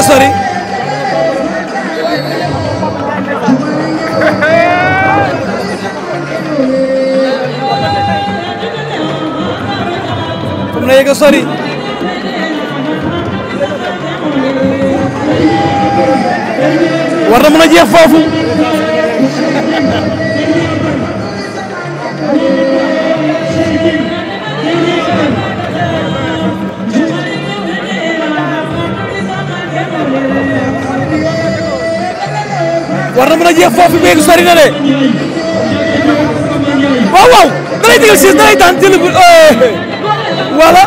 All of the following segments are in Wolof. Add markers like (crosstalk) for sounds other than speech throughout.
bëgg a sori fu mu la yëg a sori war na mën a jeex foofu war na mën a jeex foofu mais du sori na de waaw waaw da lay digal siis da lay daan jël eh, voilà.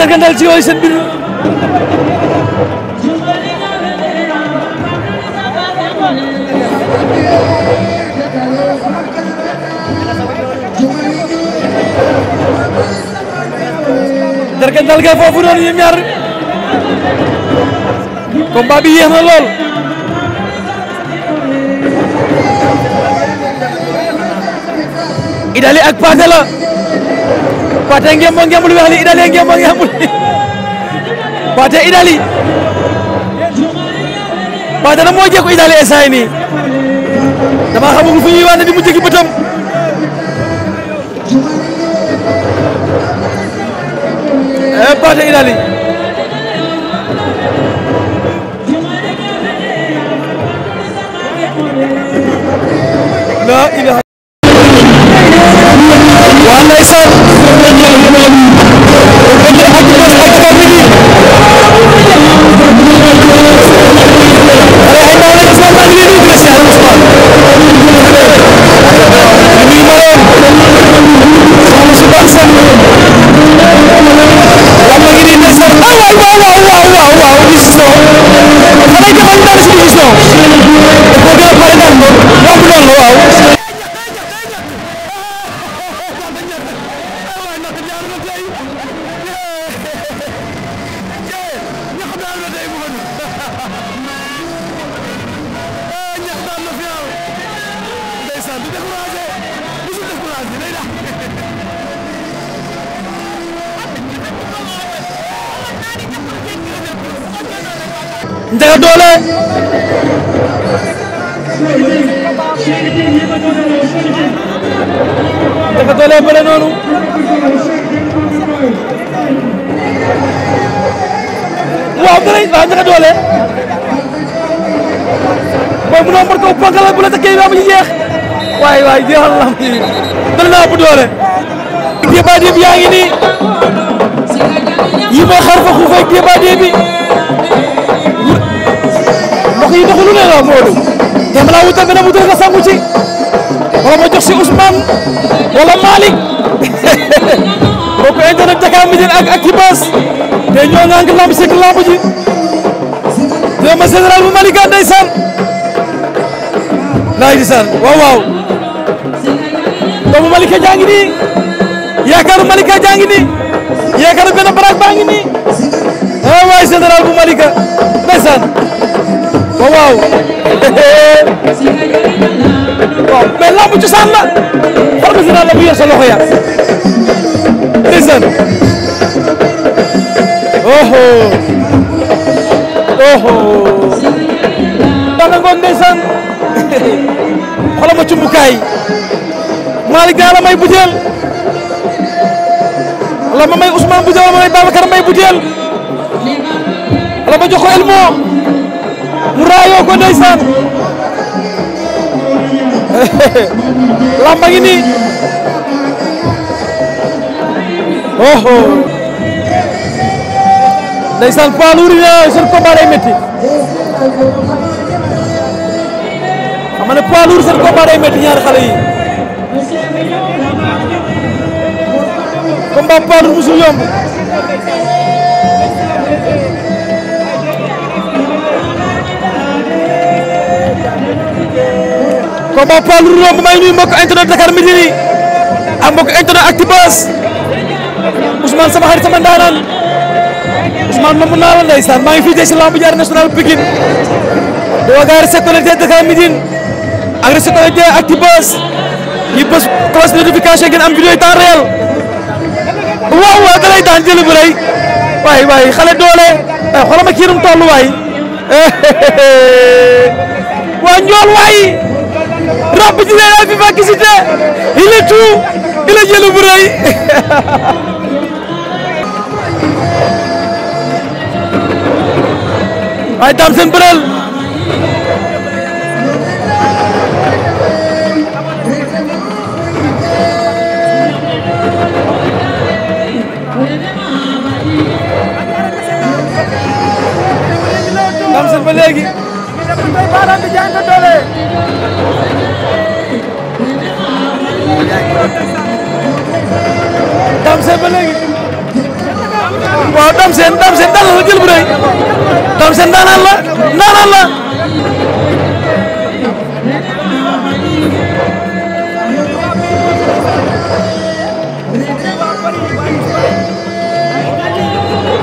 dërgëndal ci yooyu seen biir dërgëndal ga foofu noonu ñu ñaar combat bi yéex na lool Idali ak Pathé Pathé ngemboo ngembul weex li Idali ngemboo ngembul Pathé Idali Pathé na moo jekku Idali esaay nii dama xamul fu ñuy wax ne di mu jëkki bëtam ee eh, Pathé Idali waaw waaw. Ndeye Doole boobu ponkal la bu la tëkkee ba mu jeex waaye waaye ji dana naa bu doole. Déba Débi yaa ngi nii yi may xar fa xuufay Déba Débi ndox yi ndoxu ne la Modou dama laa wutal beneen wutal nga sangu ci wala jox si Ousmane wala Malick (laughs) mbokku internet Dakar Midi ak ak Akibas te ñoo ngi lamb si lamb ji. dama général bu Malika ndeysaan laay di saan waaw waaw doomu Malika jaa ngi nii yaakaaru ngi nii yaakaaru baraag baa ngi nii ah bu Malika ndeysaan waaw waaw waaw mais lamb cosaan la bu yor sa loxo ya ndeysaan oho oho da nga ngoon xoolal ma cumbukaay Malick daa may buteel la ma may buteel la ma may buteel la ma jox ko mu raayoo ko ndeysaan (laughs) lamba ngi nii oho ndeysaan paaluuri na seen combat day métti ma ne poids lourd seen combat day métti musul yomb combat poids lourd yomb may nuyu mbokk internet Dakar Midi nii ak internet Actubuzz Ousmane sama xarit sama ndaanaan Ousmane moom naa la ndeysaan maa national Pikine doo gaari sa Dakar Midi Agressé Connecté ak Tibuzz ñu bës cloche notification ngeen am vidéo yi temps réel waaw waaw da lay daan jëli waay waay xale doole waay eh, xoolal ma kii nu mu toll waay (laughs) waa Ndiol waay rab ji ne la fi vacicité il est tout il est jëli bu rëy (laughs) seen ba léegi. bay baaraam di jàng doole. dam seen ba léegi. waaw dam seen dam seen dal la jël bu rëy. dam seen daanaan la daanaan la.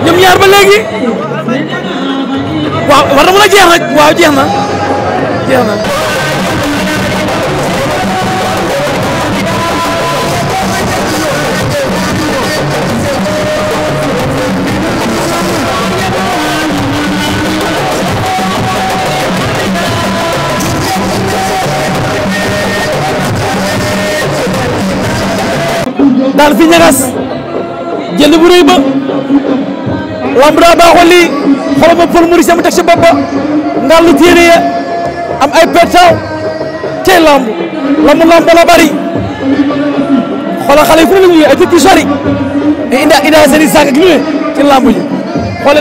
ñoom ñaar ba léegi. waaw war na mën a jeex nag waaw jeex na jeex na. daal fi ñagas jënd bu rëy ba lamb daa baaxul lii xoolal ba Paul Maurice mu teg ci am ay pertaw cey lamb lamb lamb bari xoolal xale yi fu ne la ay tukki sori indi indi seen saak ak ñu ne ci lamb ji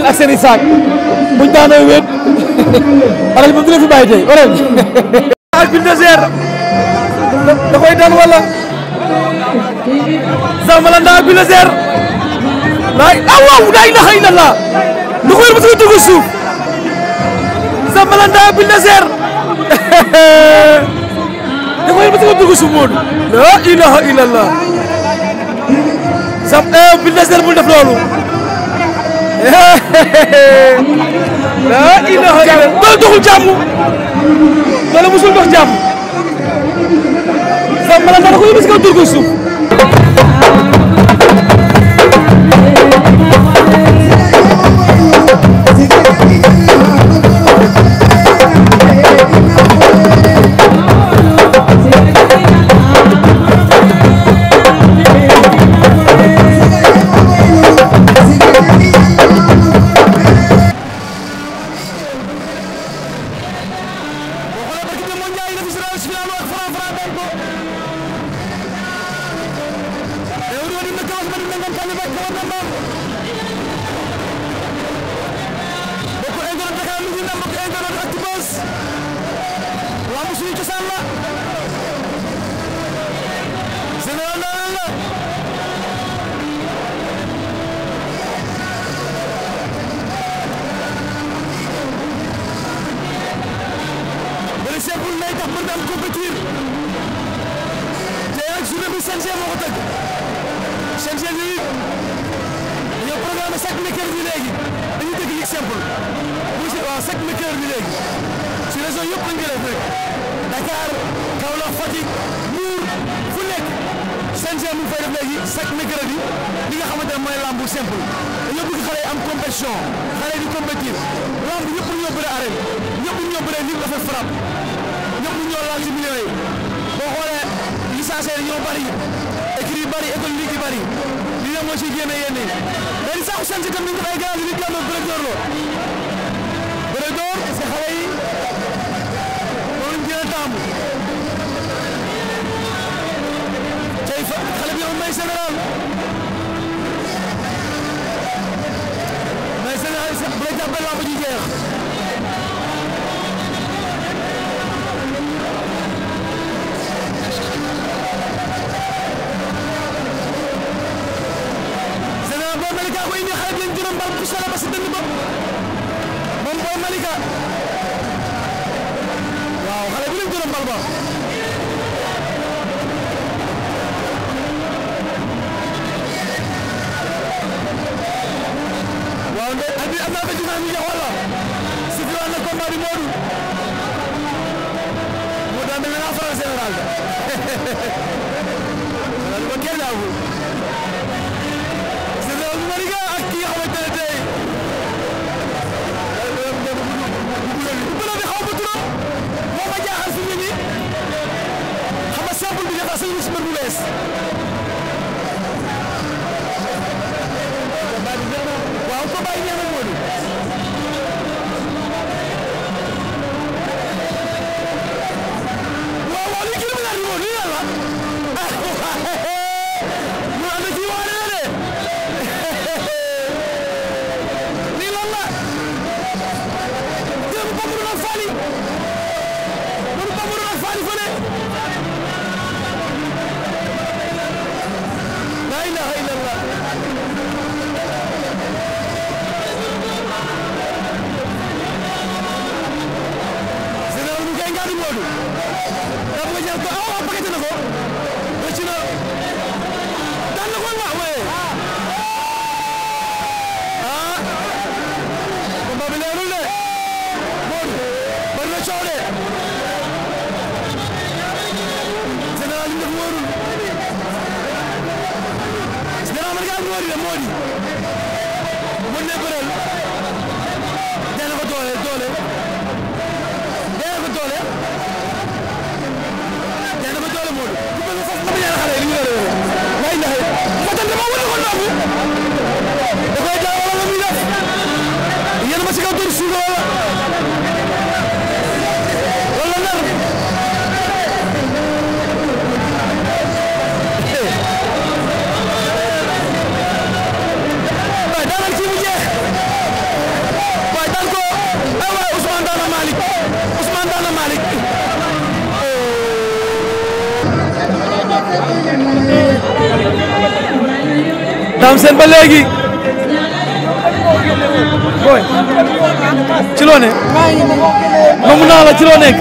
ak seen i saak buñ daanoo wéet orange (laughs) moom dina fi bàyyi tey orange (laughs) ak bulldozer da koy daan wala Zambala ndaa bulldozer la du xool ba suñu dugg suuf Zambalanda Bulldozer du xool ba suñu dugg suuf eh, bul def loolu la ilaha illallah loolu doxul jàmm loolu musul dox jàmm Zambalanda da koy yóbbu si kaw dugg suuf ñu ne mbokk internet Actubuzz lamb suñu cosaan la Général Ndoye la blessé bul nay tax mbër daan compétir te ak journée bi CNG moo ko tëgg CNG chaque mercredi bi léegi dañuy dégg lig simple bu si waaw chaque mercredi bi léegi si région yëpp lañ koy def rek Dakar Kaolack Fatick Mbour fu nekk CNG mu ngi fay def léegi chaque mercredi li nga xamante ne mooy lambu simple dañoo bëgg xale yi am compétition xale yi di compétir lambu ñëpp ñoo bëree arène ñëpp ñoo bëree nit dafa frappe ñëpp ñoo laal ci milieu yi boo xoolee licenciés yi ñoo bari écrit yi bari école yi bari. li nga moo si génne yéen ñi mais li sax sant itam dañu koy gaz li gën a bëredoor la bëredoor est-ce que xale yi moom lañ gën a taamu tey fa xale bi moom may général may général bu la jàppee làmb ji jeex na mbal poussé na ba si dënd ba moom Boy Malika waaw xale bi lañ jëloon mbal ba waaw ndey at bi am naa ko gis naa ñu jox wala si fi wàllu combat bi Modou mu daan mel ne la France générale la. moo ma jaaxal fi mu bi dafa sëñ bi si mbër bu bees. waaw combat Sathiès ko awa paquet na ko rëcc na daan na ko wax waaye ah combat bi leerul de bon bari na coow de général li mu def wóorul général man ngaa wóori de moo di mën na bëreel dee na ko doole doole dama wane ko ndox mi da koy jaay wala muy def yéen ma si kaw tur suuf wala Dame Sène ba léegi booy ci loo ne nangu naa la ci loo nekk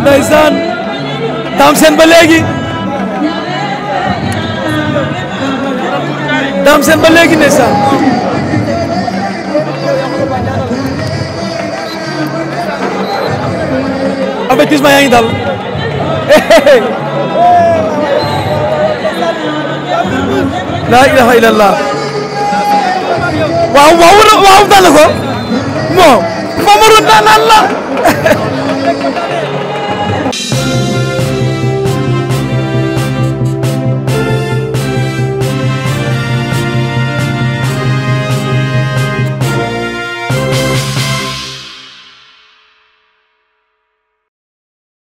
ndeysaan Dame Sène ba léegi Dame Sène ba léegi ndeysaan avertissement yaa ngi dal laa (laughs) ilaha illallah waaw waaw waaw dal ko mo Mamadou Ndanane la (laughs)